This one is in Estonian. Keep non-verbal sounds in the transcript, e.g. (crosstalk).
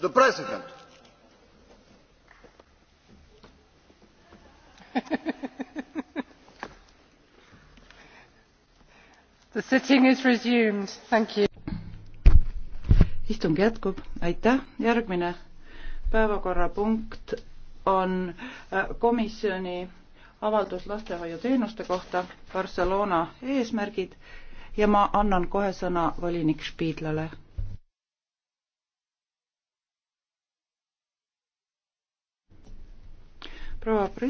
the president. (laughs) the sitting is resumed. Thank you. istung jätkub, aitäh, järgmine päevakorrapunkt on äh, komisjoni avaldus lastehoiuteenuste kohta Barcelona eesmärgid ja ma annan kohe sõna volinik Spiidlale proua